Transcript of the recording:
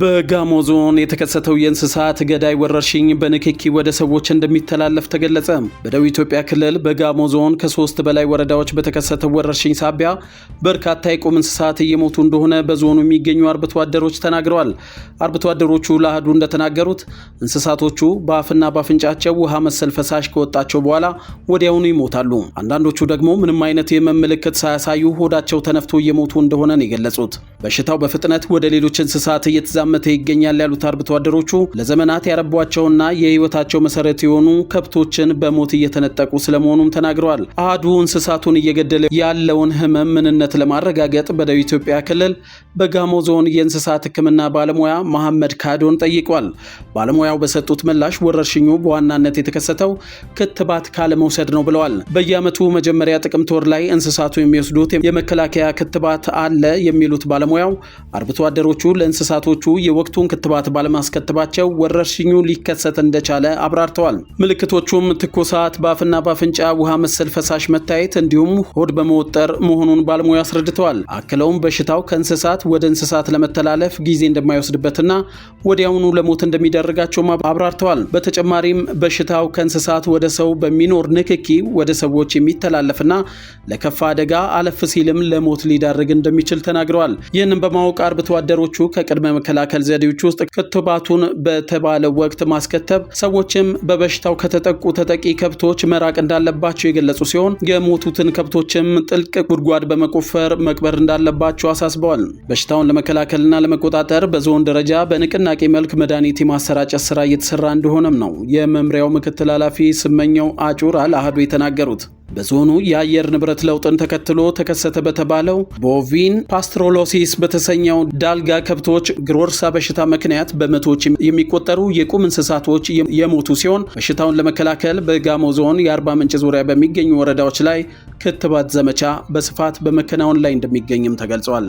በጋሞ ዞን የተከሰተው የእንስሳት ገዳይ ወረርሽኝ በንክኪ ወደ ሰዎች እንደሚተላለፍ ተገለጸ። በደቡብ ኢትዮጵያ ክልል በጋሞ ዞን ከሶስት በላይ ወረዳዎች በተከሰተው ወረርሽኝ ሳቢያ በርካታ የቁም እንስሳት እየሞቱ እንደሆነ በዞኑ የሚገኙ አርብቶ አደሮች ተናግረዋል። አርብቶ አደሮቹ ለአህዱ እንደተናገሩት እንስሳቶቹ በአፍና በአፍንጫቸው ውሃ መሰል ፈሳሽ ከወጣቸው በኋላ ወዲያውኑ ይሞታሉ። አንዳንዶቹ ደግሞ ምንም አይነት የህመም ምልክት ሳያሳዩ ሆዳቸው ተነፍቶ እየሞቱ እንደሆነ ነው የገለጹት። በሽታው በፍጥነት ወደ ሌሎች እንስሳት እየተዛ እየተዛመተ ይገኛል ያሉት አርብቶ አደሮቹ ለዘመናት ያረቧቸውና የህይወታቸው መሰረት የሆኑ ከብቶችን በሞት እየተነጠቁ ስለመሆኑም ተናግረዋል። አህዱ እንስሳቱን እየገደለ ያለውን ህመም ምንነት ለማረጋገጥ በደቡብ ኢትዮጵያ ክልል በጋሞ ዞን የእንስሳት ሕክምና ባለሙያ መሐመድ ካዶን ጠይቋል። ባለሙያው በሰጡት ምላሽ ወረርሽኙ በዋናነት የተከሰተው ክትባት ካለመውሰድ ነው ብለዋል። በየአመቱ መጀመሪያ ጥቅምት ወር ላይ እንስሳቱ የሚወስዱት የመከላከያ ክትባት አለ የሚሉት ባለሙያው አርብቶ አደሮቹ ለእንስሳቶቹ የወቅቱን ክትባት ባለማስከተባቸው ወረርሽኙ ሊከሰት እንደቻለ አብራርተዋል። ምልክቶቹም ትኩሳት፣ በአፍና በአፍንጫ ውሃ መሰል ፈሳሽ መታየት እንዲሁም ሆድ በመወጠር መሆኑን ባለሙያ አስረድተዋል። አክለውም በሽታው ከእንስሳት ወደ እንስሳት ለመተላለፍ ጊዜ እንደማይወስድበትና ወዲያውኑ ለሞት እንደሚደረጋቸው አብራርተዋል። በተጨማሪም በሽታው ከእንስሳት ወደ ሰው በሚኖር ንክኪ ወደ ሰዎች የሚተላለፍና ለከፋ አደጋ አለፍ ሲልም ለሞት ሊዳርግ እንደሚችል ተናግረዋል። ይህንም በማወቅ አርብቶ አደሮቹ ከቅድመ መከላከል ዘዴዎች ውስጥ ክትባቱን በተባለው ወቅት ማስከተብ፣ ሰዎችም በበሽታው ከተጠቁ ተጠቂ ከብቶች መራቅ እንዳለባቸው የገለጹ ሲሆን የሞቱትን ከብቶችም ጥልቅ ጉድጓድ በመቆፈር መቅበር እንዳለባቸው አሳስበዋል። በሽታውን ለመከላከልና ለመቆጣጠር በዞን ደረጃ በንቅናቄ መልክ መድኃኒት የማሰራጨት ስራ እየተሰራ እንደሆነም ነው የመምሪያው ምክትል ኃላፊ ስመኘው አጩራ ለአህዱ የተናገሩት። በዞኑ የአየር ንብረት ለውጥን ተከትሎ ተከሰተ በተባለው ቦቪን ፓስትሮሎሲስ በተሰኘው ዳልጋ ከብቶች ግሮርሳ በሽታ ምክንያት በመቶዎች የሚቆጠሩ የቁም እንስሳቶች የሞቱ ሲሆን በሽታውን ለመከላከል በጋሞ ዞን የአርባ ምንጭ ዙሪያ በሚገኙ ወረዳዎች ላይ ክትባት ዘመቻ በስፋት በመከናወን ላይ እንደሚገኝም ተገልጿል።